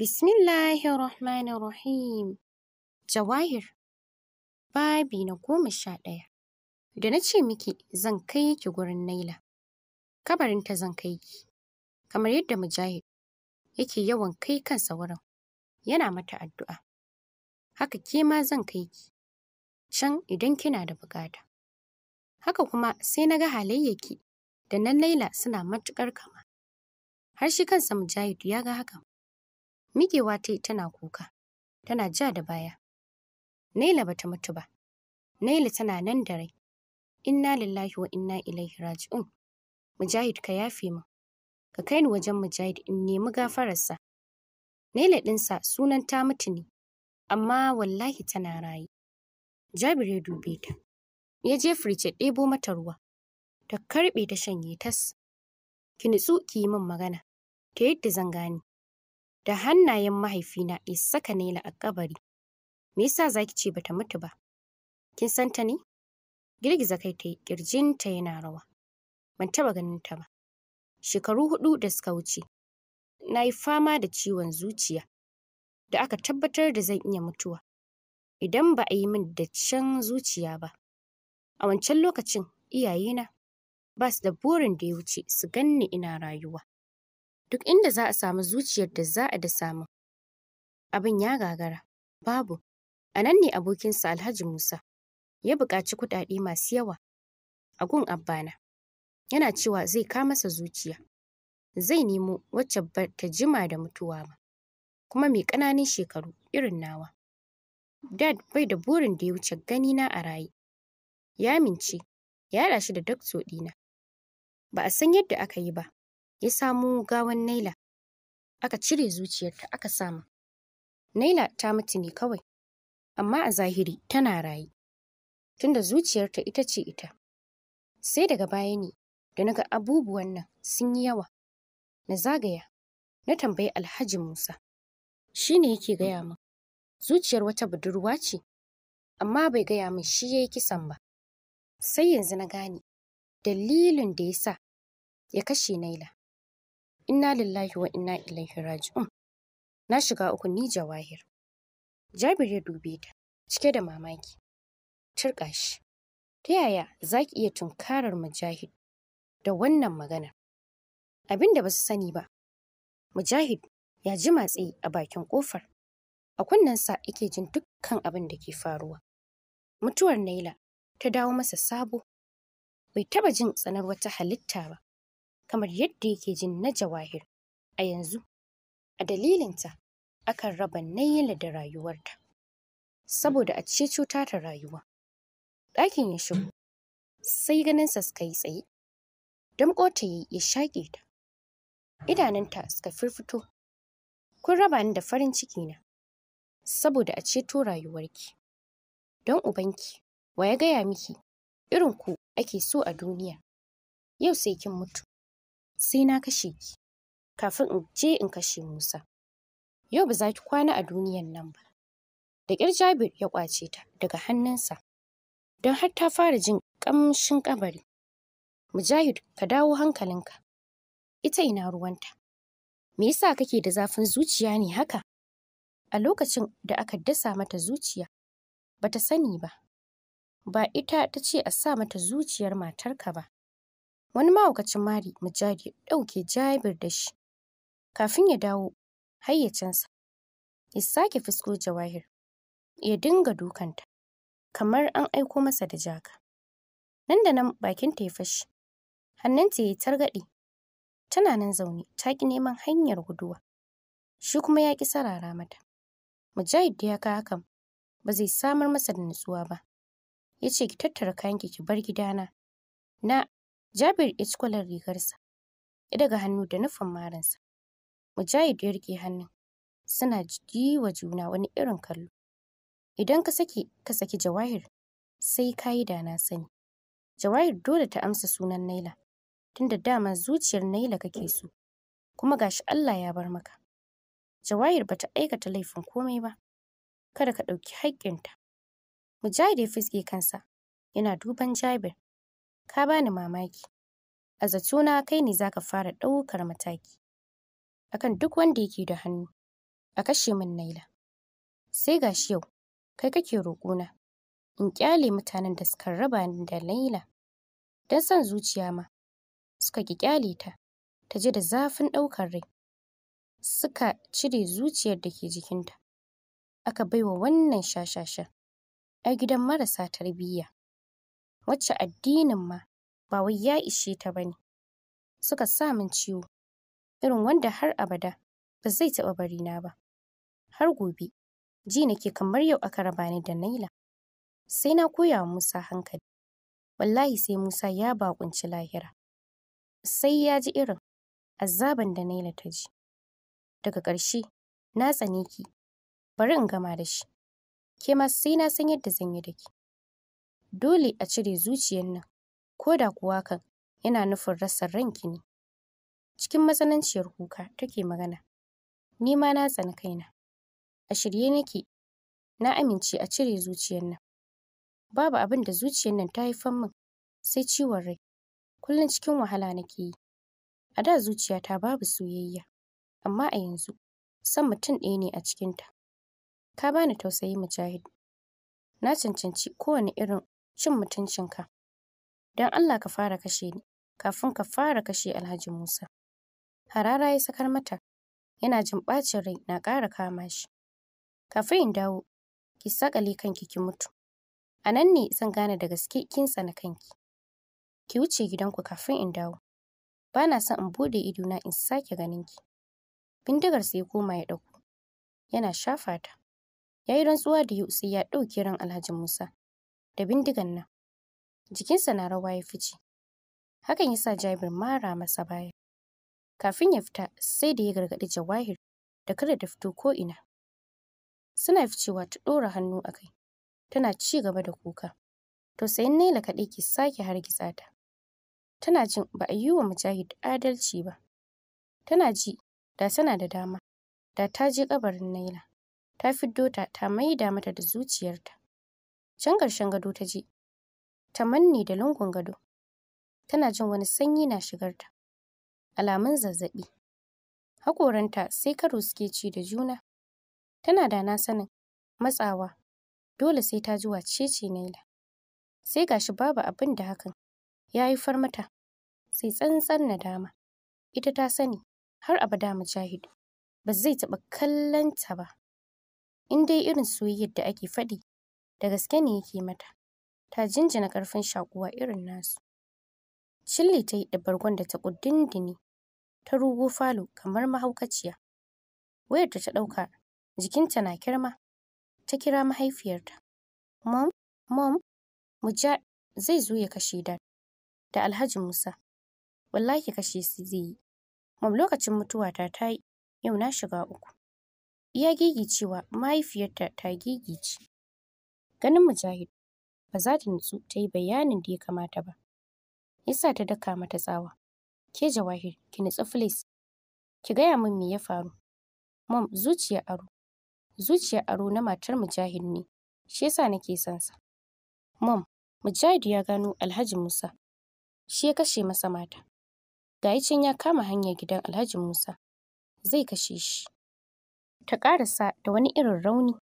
Bismillahirrahmanirrahim. Jawahir. Babi na goma sha ɗaya. Da na ce miki zan kai ki gurin Naila. Kabarinta zan kai ki. Kamar yadda Mujahid yake yawan kai kansa wurin. Yana mata addu'a. Haka ke ma zan kai ki. Can idan kina da bukata. Haka kuma sai na ga halayyaki da na Laila suna matuƙar kama. Har shi kansa Mujahid ya ga hakan. Migewa ta yi tana kuka, tana ja da baya. Naila bata mutu ba. Naila tana nan da rai. Inna lillahi wa inna ilaihi raji'un. Mujahid ka yafe mu Ka kai ni wajen Mujahid in nemi gafararsa. Naila ɗinsa sunan ta mutu ne, amma wallahi tana rayu. Jabir ya dube ta. Ya je firce ɗebo mata ruwa. Ta karɓe ta shanye tas. Ki nutsu ki yi min magana. Ta yadda zan gane. da hannayen mahaifina ya saka Naila a kabari. Me yasa zaki ce bata mutu ba? Kin san ta ne? Girgiza kai ta yi kirjinta yana rawa. Ban taba ganin ta ba. Shekaru hudu da suka wuce, na yi fama da ciwon zuciya da aka tabbatar da zan iya mutuwa idan ba a yi min can zuciya ba. A wancan lokacin iyayena ba su da burin da ya wuce su ganni ina rayuwa. duk inda za a samu zuciyar da za a da samu. Abin ya gagara, babu, a nan ne abokinsa Alhaji Musa ya buƙaci kuɗaɗe masu yawa a gun abbana. Yana cewa zai kamasa masa zuciya, zai nemo wacce ba ta jima da mutuwa ba, kuma mai ƙananan shekaru irin nawa. Dad bai da burin da ya wuce ganina a raye. Ya mince, ya shi da dokto ɗina. Ba a san yadda aka yi ba, ya samo gawan Naila. Aka cire zuciyarta aka samu. Naila ta mutu ne kawai, amma a zahiri tana raye. Tunda zuciyarta ita ce ita. Sai daga baya ne da naga abubuwan nan sun yi yawa. Na zagaya, na tambayi Alhaji Musa. Shi ne yake gaya min. Zuciyar wata budurwa ce, amma bai gaya min shi ya yi kisan ba. Sai yanzu na gane dalilin da ya sa ya kashe Naila. inna lillahi wa inna ilaihi raji'un na shiga uku ni jawahir jabir ya dube ta cike da mamaki turka shi ta yaya za ki iya tunkarar mujahid da wannan magana abin da ba su sani ba mujahid ya ji matsi a bakin kofar a kunnensa yake jin dukkan abin da ke faruwa mutuwar naila ta dawo masa sabo bai taba jin tsanar wata halitta ba kamar yadda yake jin na Jawahir. A yanzu, a dalilinta, akan raba Naila da rayuwarta, saboda a ce ta ta rayuwa. Ɗakin ya shigo, sai ganinsa suka yi tsaye, Don ta yi ya shaƙe ta. Idanunta suka firfito, kun raba ni da farin ciki na, saboda a ceto rayuwarki. Don ubanki, wa ya gaya miki, irin ku ake so a duniya, yau sai kin mutu. sai na kashe ki kafin in je in kashe Musa. Yau ba za ki kwana a duniyan nan ba. Da ƙyar Jabir ya ƙwace ta daga hannunsa, don har ta fara jin ƙamshin ƙabari. Mujahid ka dawo hankalinka, ita ina ruwanta. Me yasa kake da zafin zuciya ne haka? A lokacin da aka dasa mata zuciya, bata sani ba. Ba ita ta ce a sa mata zuciyar matarka ba. Wani mahaukacin mari Mujahid ya ɗauke Jabir da shi kafin ya dawo hayyacinsa. Ya sake fusko Jawahir ya dinga dukanta kamar an aiko masa da jaka. Nan da nan bakinta ya fashi. Hannunta ya yi targaɗe. Tana nan zaune ta ƙi neman hanyar guduwa. Shi kuma ya ƙi sarara mata. Mujahid da ya ka hakan ba zai samar masa da nutsuwa ba. Ya ce ki tattara kayanki ki bar gidana. Na Jabir ya ci kwalar rigarsa, ya daga hannu da nufin marinsa. Mujahid ya rike hannun, suna ji wa juna wani irin kallo. Idan ka saki ka saki Jawahir, sai ka yi da na sani. Jawahir dole ta amsa sunan Naila, tunda dama zuciyar Naila kake so, kuma gashi Allah ya bar maka. Jawahir bata aikata laifin komai ba, kada ka ɗauki haƙƙinta. Mujahid ya fiske kansa, yana duban Jabir. Ka bani mamaki. A zatona kai ne zaka fara ɗaukar mataki akan duk wanda yake da hannu a kashe min Naila. Sai gashi yau kai kake na? in ƙyale mutanen da suka raba ni da Naila. Don son zuciya ma suka ki ƙyale ta ta ji da zafin ɗaukar rai. Suka cire zuciyar da ke jikinta aka baiwa wannan shashashan. A gidan marasa tarbiyya. wacce addinin ma ba wai ya ishe ta ba ne. Suka samun ciwo, irin wanda har abada ba zai taɓa bari na ba. Har gobe, ji nake kamar yau aka raba da Naila. Sai na koya wa Musa hankali. Wallahi sai Musa ya baƙunci lahira. Sai ya ji irin azaban da Naila ta ji. Daga ƙarshe, na tsane ki, bari in gama da shi. Ke ma sai na san yadda zan yi da ki. dole a cire zuciyan nan ko da kuwa kan yana nufin rasa ranki ne cikin matsananciyar kuka take magana ni ma na tsani kaina a shirye nake na amince a cire zuciyan nan babu abin da zuciyan nan ta haifar min sai ciwon rai kullum cikin wahala nake yi a da zuciyata babu soyayya amma a yanzu san mutum ɗaya ne a cikinta ka bani tausayi mujahid na cancanci kowane irin cin mutuncinka. Don Allah ka fara kashe ni, kafin ka fara kashe Alhaji Musa. Harara ya sakar mata, yana jin ɓacin rai na ƙara kama shi. Kafin in dawo, ki saƙale kanki ki mutu. A nan ne zan gane da gaske kin tsana kanki. Ki wuce gidanku kafin in dawo. Ba na son in bude idona in sake ganin ki. Bindigar sai koma ya ɗauko. Yana shafa ta. Ya yi rantsuwa da yau sai ya ɗauki ran Alhaji Musa. da bindigan nan. Jikinsa na rawa ya fice. Hakan ya sa Jabir mara masa baya. Kafin ya fita sai da ya gargaɗi Jawahir da kada da fito ko ina. Suna ficewa ta ɗora hannu a kai. Tana ci gaba da kuka. Tausayin Naila kaɗai ke sake hargitsa ta. Tana jin ba a yi wa Mujahid adalci ba. Tana ji da tana da dama da ta je kabarin Naila. Ta fiddo ta ta maida mata da zuciyarta. Can ƙarshen gado ta je Ta manne da lungun gado. Tana jin wani sanyi na shigarta. Alamun zazzaɓi. Haƙoranta sai karo suke ci da juna. Tana da na sanin matsawa. Dole sai ta ji wacece Naila. Sai gashi babu abin da hakan ya far mata. Sai tsantsan na dama Ita ta sani har abada mujahid. Ba zai taɓa kallon ba. in dai irin soyayyar da ake faɗi da gaske ne yake mata. Ta jinjina karfin shakuwa irin nasu. Shilli ta yi da bargon da ta ƙuddindini, ta rugo falo kamar mahaukaciya. Wayar da ta ɗauka, jikinta na kirma, ta kira mahaifiyarta. Mom, mom, Mujad zai zo ya kashe da. da Alhaji Musa. Wallahi kashe su zai yi. Mom lokacin mutuwata ta yi, yau na shiga uku. Iya gigicewa mahaifiyarta ta gigice. Ganin Mujahid ba za ta nutsu ta yi bayanin da ya kamata ba. Yasa ta daka mata tsawa. Ke Jawahir, ki nutsu please. Ki gaya min me ya faru. Mom, zuciya aro. Zuciya aro na matar Mujahid ne. Shi yasa nake son sa. Mom, Mujahid ya gano Alhaji Musa. Shi ya kashe masa mata. Ga can ya kama hanyar gidan Alhaji Musa. Zai kashe shi. Ta ƙarasa da wani irin rauni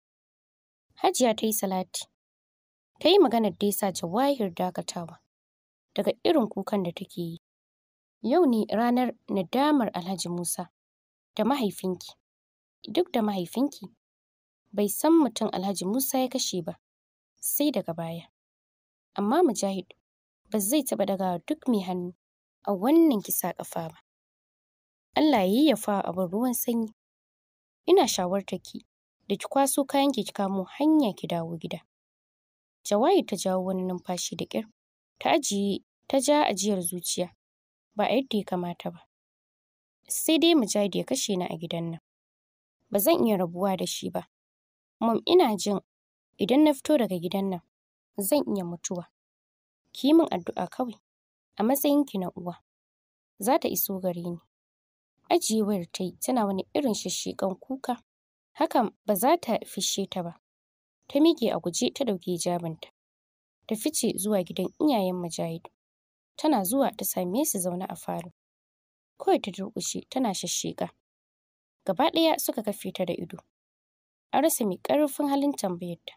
Hajiya ta yi salati. Ta yi maganar da ya sa Jawahir dakatawa daga irin kukan da take yi. Yau ne ranar nadamar Alhaji Musa da mahaifinki. Duk da mahaifinki bai san mutum Alhaji Musa ya kashe ba, sai daga baya. Amma Mujahid ba zai taɓa daga duk mai hannu a wannan kisa ƙafa ba. Allah ya yi fa abin ruwan sanyi. Ina shawartar ki da ki kwaso kayan ki kamo hanya ki dawo gida. Jawahir ta jawo wani numfashi da ƙyar. Ta ajiye ta ja ajiyar zuciya. Ba a yadda ya kamata ba. Sai dai mu Mujahid ya kashe ni a gidan nan. Ba zan iya rabuwa da shi ba. Mom ina jin idan na fito daga gidan nan zan iya mutuwa. Ki yi min addu'a kawai a matsayin ki na uwa. Za ta iso gare ni. Ajiye wayar ta yi tana wani irin shishshiƙan kuka. hakan ba za ta fishe ta ba. Ta miƙe a guje ta ɗauki hijabinta. Ta fice zuwa gidan iyayen Mujahid. Tana zuwa ta same su zaune a falo. Kawai ta durƙushe tana shashshiƙa. Gaba ɗaya suka kafe ta da ido. An rasa mai ƙarfin halin tambayarta.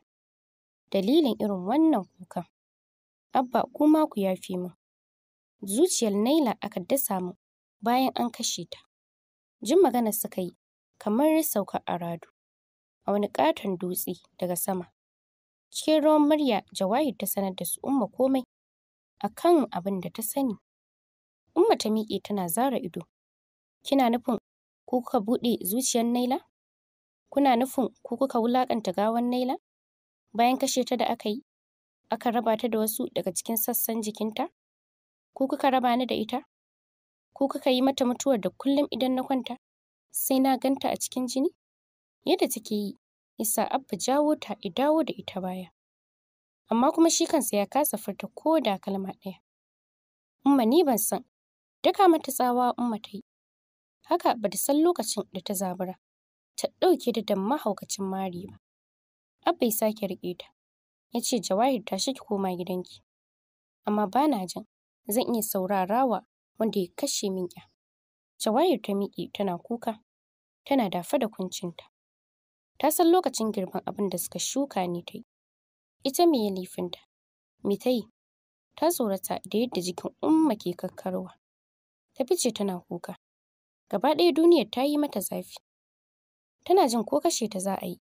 Dalilin irin wannan kuka Abba kuma ku yafi min. Zuciyar Naila aka dasa min bayan an kashe ta. Jin maganar suka yi kamar sauka a radu a wani ƙaton dutse daga sama. Cikin ruwan murya, Jawahir ta sanar da su Umma komai a kan abin da ta sani. Umma ta miƙe tana zara ido. Kina nufin ku kuka buɗe zuciyar Naila? Kuna nufin ku kuka wulaƙanta gawan Naila? Bayan kashe ta da aka yi, aka raba ta da wasu daga cikin sassan jikinta? Ku kuka raba ni da ita? Ku kuka yi mata mutuwar da kullum idan na kwanta sai na ganta a cikin jini? yadda take yi ya sa Abba jawo ta ya dawo da ita baya. Amma kuma shi kansa ya kasa furta ko da kalma ɗaya. Umma ni ban san, daka mata tsawa Umma ta yi. Haka ba ta san lokacin da ta zabura, ta ɗauke da dan mahaukacin mari ba. Abba ya sake riƙe ta, ya ce Jawahir shi ki koma gidanki. Amma ba na jin, zan iya saurarawa wanda ya kashe min ya. Jawahir ta miƙe tana kuka, tana dafa da kuncinta. Ta san lokacin girban abin da suka shuka ne ta yi. Ita me ya laifinta? Me ta yi? Ta tsorata da yadda jikin Umma ke kakkarwa. Ta fice tana kuka. Gaba ɗaya duniyar ta yi mata zafi. Tana jin ko kashe ta za a yi,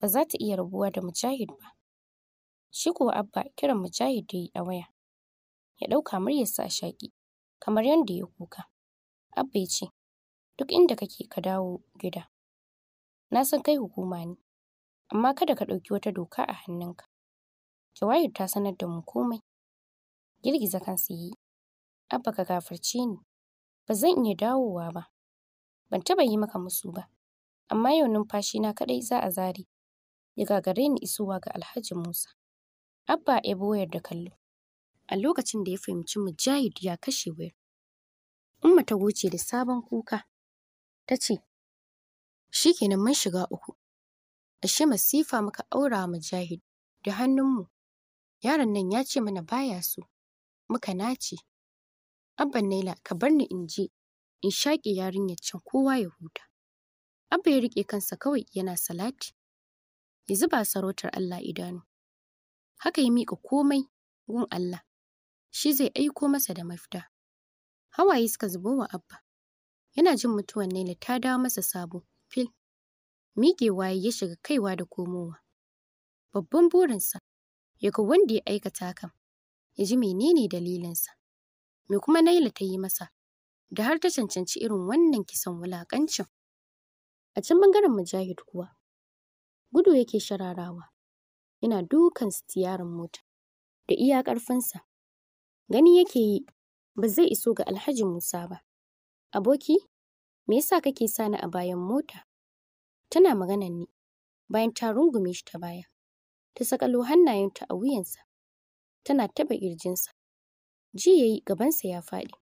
ba za ta iya rabuwa da Mujahid ba. Shi kuwa Abba kiran Mujahid da yi a waya. Ya ɗauka muryarsa a shaƙi, kamar yadda ya kuka. Abba ya ce, duk inda kake ka dawo gida. na san kai hukuma ne, amma kada ka ɗauki wata doka a hannunka. Jawahir ta sanar da mu komai. Girgiza kansa yi, Abba ka gafarci ni, ba zan iya dawowa ba. Ban taɓa yi maka musu ba, amma yau numfashi na kaɗai za a zare. Ya gagare ni isowa ga Alhaji Musa. Abba ya wayar da kallo. A lokacin da ya fahimci Mujahid ya kashe wayar. Umma ta goce da sabon kuka. Ta ce, Shikenan mun shiga uku. Ashe masifa muka aura wa Mujahid da hannunmu. Yaron nan ya ce mana baya so. Muka nace. Abban Naila ka bar ni in je in shaƙe yarinyar can kowa ya huta. Abba ya riƙe kansa kawai yana salati. Ya zuba sarautar Allah idanu. Haka ya miƙa komai gun Allah. Shi zai aiko masa da mafita. Hawaye suka zubo wa Abba. Yana jin mutuwan Naila ta dawo masa sabo. fil. Miƙewa ya shiga kaiwa da komowa. Babban burinsa ya ga wanda ya aikata kan. ya ji menene dalilinsa. Me kuma Naila ta yi masa, da har ta cancanci irin wannan kisan wulaƙancin. A can ɓangaren Mujahid kuwa, gudu yake shararawa, yana dukan sitiyarin mota da iya ƙarfinsa. Gani yake yi ba zai iso ga Alhaji Musa ba. Aboki, Me yasa kake sani a bayan mota? Tana maganan ne, bayan ta rungume shi ta baya. Ta sakalo hannayenta a wuyansa, tana taba ƙirjinsa. Ji yayi gabansa ya faɗi.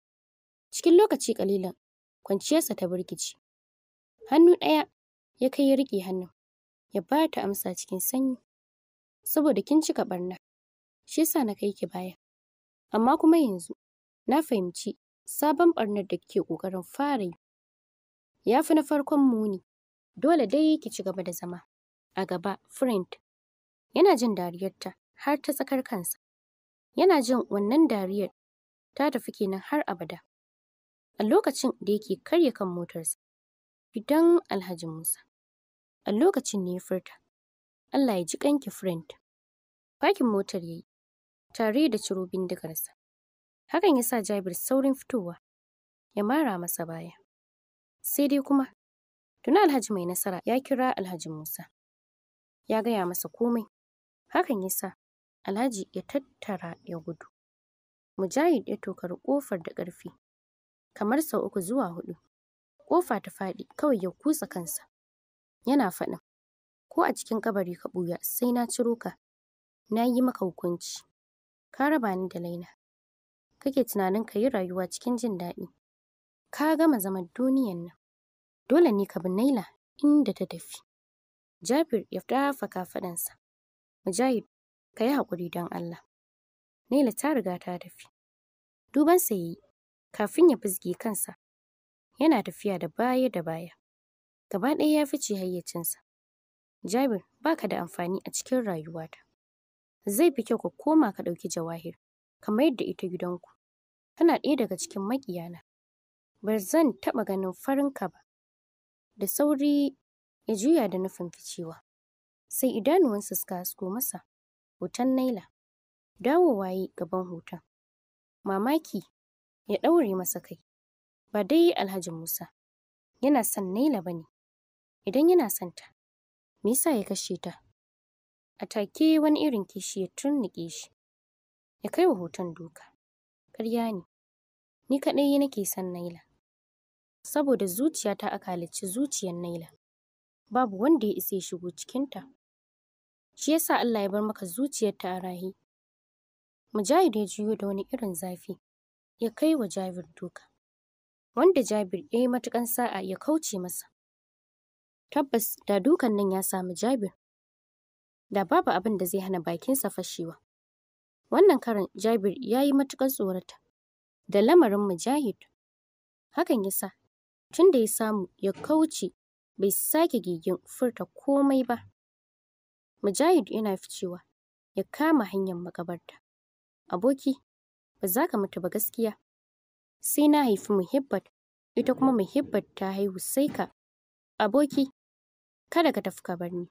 Cikin lokaci ƙalilan, kwanciyarsa ta burkice. Hannu ɗaya ya kai ya riƙe hannun, ya ba ta amsa cikin sanyi. Saboda kin cika barna, shi yasa na kai ki baya. Amma kuma yanzu, na fahimci sabon barnar da kike ƙoƙarin fara yi. ya fi na farkon muni. Dole dai ki ci gaba da zama. A gaba, friend. Yana jin dariyarta har ta tsakar kansa. Yana jin wannan dariyar ta tafi kenan har abada. A lokacin da yake karya kan motarsa, gidan Alhaji Musa. A lokacin ne ya furta, Allah ya ji kanki friend. Fakin motar ya yi, tare da ciro bindigarsa. Hakan ya sa Jabir saurin fitowa, ya mara masa baya. Sai dai kuma, tuna Alhaji mai nasara ya kira Alhaji Musa. Ya gaya masa komai. Hakan ya sa Alhaji ya tattara ya gudu. Mujahid ya tokari ƙofar da ƙarfi, kamar sau uku zuwa hudu. Kofa ta faɗi kawai ya kusa kansa. Yana faɗin, ko a cikin kabari ka buya, sai na ciro ka. Na yi maka hukunci. Ka raba ni da laina. Kake tunanin ka yi rayuwa cikin jin daɗi. Ka gama zaman duniyan nan. Dole ne ka bi Naila inda ta tafi. Jabir ya dafa kafaɗansa. Mujahid, ka yi haƙuri don Allah. Naila ta riga ta tafi. Dubansa ya yi, kafin ya fizge kansa. Yana tafiya da baya da baya. Gaba ɗaya ya fice hayyacinsa. Jabir, baka da amfani a cikin rayuwata. Zai fi kyau ka koma ka ɗauki Jawahir, Kamar yadda da ita gidanku. Tana ɗaya daga cikin maƙiyana. ba zan taɓa ganin farin ka ba. Da sauri ya juya da nufin ficewa. Sai idanuwansa suka hasko masa hoton Naila. Dawo waye gaban hoton. Mamaki ya ɗaure masa kai. Ba dai Alhaji Musa yana son Naila ba ne. Idan yana son ta, me yasa ya kashe ta? A take wani irin kishi ya tunnuƙe shi. Ya kai wa hoton doka. Ƙarya ne. Ni kaɗai nake son Naila. saboda zuciyata aka halicci zuciyar Naila. Babu wanda ya isa ya shigo cikinta. Shi yasa Allah ya bar maka zuciyarta a rahi. Mujahid ya juyo da wani irin zafi ya kai wa Jabir duka. Wanda Jabir ya yi matukan sa'a ya kauce masa. Tabbas da dukan nan ya samu Jabir. Da babu abin da zai hana bakinsa fashewa. Wannan karin Jabir ya yi matukan tsorata da lamarin Mujahid. Hakan yasa Tun da ya samu ya kauce bai sake gigin furta komai ba, Mujahid yana ficewa ya kama hanyar makabarta. Aboki, ba za ka mutu ba gaskiya. Sai na haifi Muhibbat, ita kuma Muhibbat ta haihu sai ka. Aboki, kada ka tafi ka bar ni.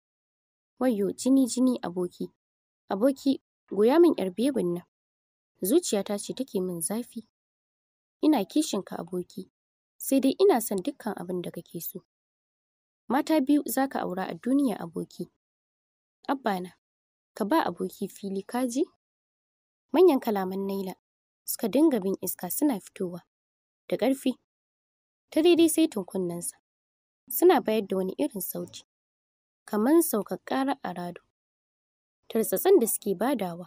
Wayo jini jini aboki, aboki goya min yar bebin nan. Zuciyata ce take min zafi. Ina kishin ka aboki, sai dai ina son dukkan abin da kake so. Mata biyu za ka aura a duniya aboki. Abbana, ka ba aboki fili kaji? Manyan kalaman Naila suka dinga bin iska suna fitowa, da ƙarfi, ta daidai sai tunkunnensa. Suna bayar da wani irin sauti, kamar saukakkara a rado. Tarsatsan da suke badawa,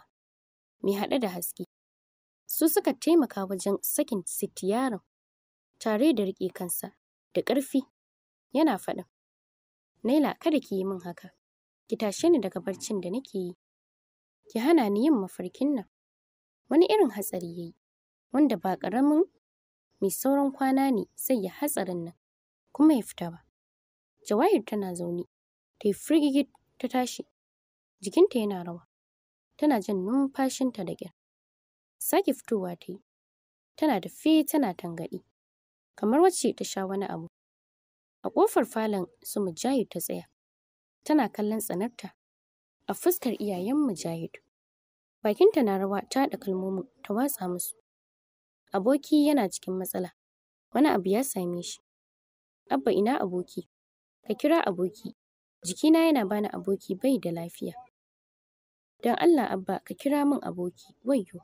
mai haɗe da haske, su suka taimaka wajen sakin sitiyaran tare da riƙe kansa da ƙarfi yana faɗin Naila kada ki yi min haka ki tashe ni daga barcin da nake yi ki hana ni yin mafarkin nan wani irin hatsari yayi wanda ba ƙaramin mai sauran kwana ne sai ya hatsarin nan kuma ya fita ba Jawahir tana zaune ta yi firgigit ta tashi jikinta yana rawa tana jin numfashinta da ƙyar sake fitowa ta yi tana da fe tana tangaɗi kamar wacce ta sha wani abu. A ƙofar falon su Mujahid ta tsaya, tana kallon tsanarta a fuskar iyayen Mujahid. Bakinta na rawa ta haɗa kalmomin ta watsa musu. Aboki yana cikin matsala, wani abu ya same shi. Abba ina aboki, ka kira aboki, jikina yana bani aboki bai da lafiya. Don Allah Abba ka kira min aboki, wayyo.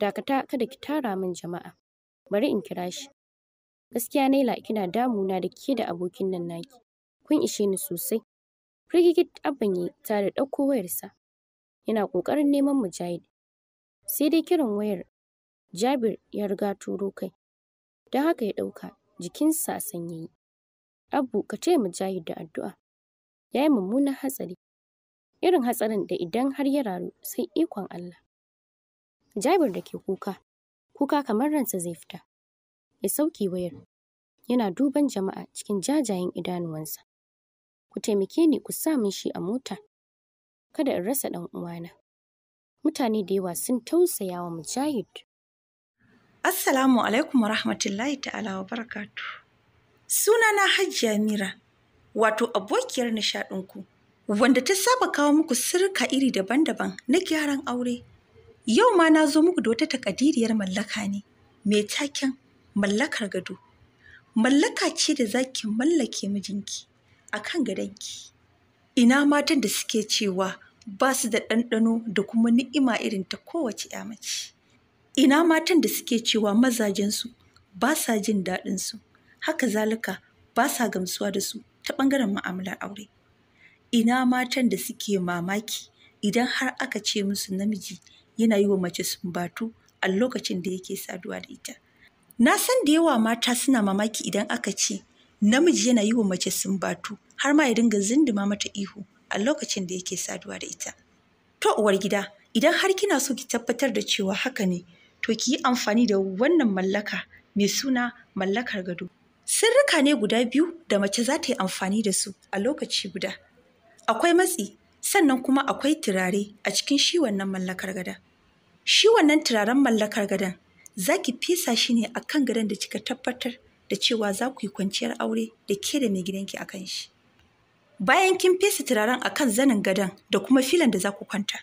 Dakata kada ki tara min jama'a, bari in kira shi. Gaskiya Naila kina damuna da ke da abokin nan naki. Kun ishe ni sosai. Rigigit abban yi tare da ɗauko wayarsa. Yana ƙoƙarin neman Mujahid. Sai dai kiran wayar Jabir ya riga turo kai. Don haka ya ɗauka jikinsa a yi. Abu ka taya Mujahid da addu'a. Ya yi mummunan hatsari. Irin hatsarin da idan har ya raru sai ikon Allah. Jabir da ke kuka, kuka kamar ransa zai fita. ya sauke wayar. Yana duban jama'a cikin jajayen idanuwansa. Ku taimake ni ku sa min shi a mota. Kada in rasa ɗan uwana. Mutane da yawa sun tausaya wa Mujahid. Assalamu alaikum wa rahmatullahi ta'ala wa barakatu. Suna na Hajiya Mira, wato abokiyar nishaɗinku, wanda ta saba kawo muku sirka iri daban-daban na gyaran aure. Yau ma na zo muku da wata takadiriyar mallaka ne, mai taken mallakar gado mallaka ce da za ki mallake mijinki a kan gadonki ina matan da suke cewa ba su da ɗanɗano da kuma ni'ima irin ta kowace ya mace ina matan da suke cewa mazajensu ba sa jin daɗinsu haka zalika ba sa gamsuwa da su ta ɓangaren ma'amalar aure ina matan da suke mamaki idan har aka ce musu namiji yana yi wa mace sumbatu a lokacin da yake saduwa da ita Na san da yawa mata suna mamaki idan aka ce namiji yana yi wa mace sumbatu har ma ya dinga zinduma mata ihu a lokacin da yake saduwa da ita. To uwar gida, idan har kina so ki tabbatar da cewa haka ne, to ki yi amfani da wannan mallaka mai suna mallakar gado. Sirrika ne guda biyu da mace za ta yi amfani da su a lokaci guda. Akwai matsi, sannan kuma akwai turare a cikin shi wannan mallakar gada. Shi wannan turaren mallakar gadon. za ki fesa shi ne a kan gadon da kika tabbatar da cewa za ku yi kwanciyar aure da ke da mai gidanki a kan shi. Bayan kin fesa turaren a kan zanin gadon da kuma filan da za ku kwanta,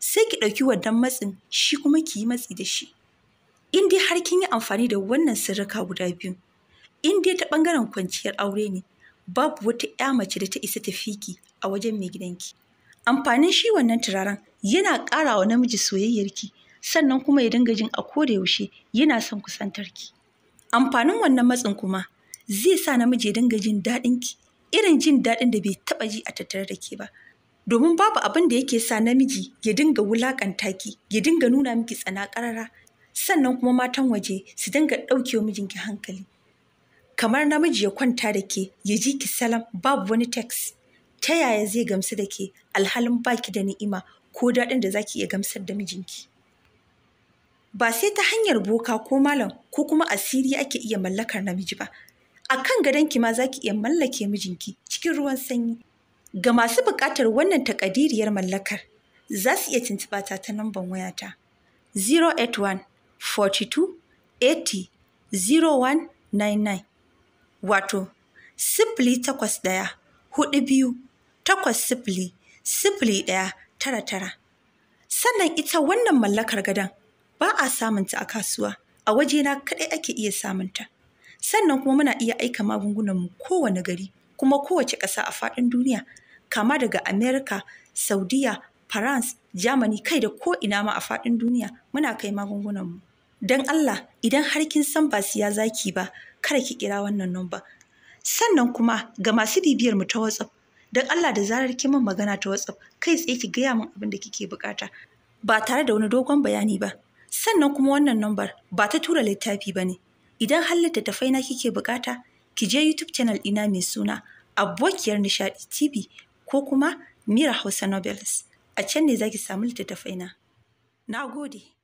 sai ki ɗauki wannan matsin shi kuma ki yi matsi da shi. In dai har kin yi amfani da wannan sirrika guda biyu, in dai ta ɓangaren kwanciyar aure ne, babu wata ‘ya mace da ta isa ta fiki a wajen mai gidanki. Amfanin shi wannan turaren yana ƙara wa namiji soyayyarki sannan kuma ya dinga jin a koda yaushe yana son kusantarki. amfanin wannan matsin kuma zai sa namiji ya dinga jin daɗin ki irin jin daɗin da bai taɓa ji a tattare da ke ba domin babu abin da yake sa namiji ya dinga wulaƙanta ki ya dinga nuna miki tsana ƙarara sannan kuma matan waje su dinga ɗauke wa mijinki hankali kamar namiji ya kwanta da ke ya ji ki salam babu wani text ta yaya zai gamsu da ke alhalin baki da ni'ima ko daɗin da zaki iya gamsar da mijinki ba sai ta hanyar boka ko malam ko kuma asiri ake iya mallakar namiji ba a kan gadonki ma za ki iya mallake mijinki cikin ruwan sanyi ga masu buƙatar wannan takadiriyar mallakar za su iya tuntuɓa ta ta namban wayata 081 42 80 0199 wato sifili takwas ɗaya hudu biyu takwas sifili sifili ɗaya tara sannan ita wannan mallakar gadon ba a samunta a kasuwa a wajena kaɗai ake iya samunta sannan kuma muna iya aika magungunan mu kowane gari kuma kowace ƙasa a faɗin duniya kama daga america saudiya france germany kai da ko ina ma a faɗin duniya muna kai magungunan mu. dan allah idan har kin san ba siya zaki ba kada ki kira wannan namba sannan kuma ga masu bibiyar mu ta whatsapp dan allah da zarar kin min magana ta whatsapp kai tsaye ki gaya min abin da kike bukata ba tare da wani dogon bayani ba sannan kuma wannan number ba ta tura littafi ba ne idan har littattafai na kike bukata ki je youtube channel ina mai suna abokiyar nishadi tv ko kuma mira hausa novels a can ne ki samu littattafai na na gode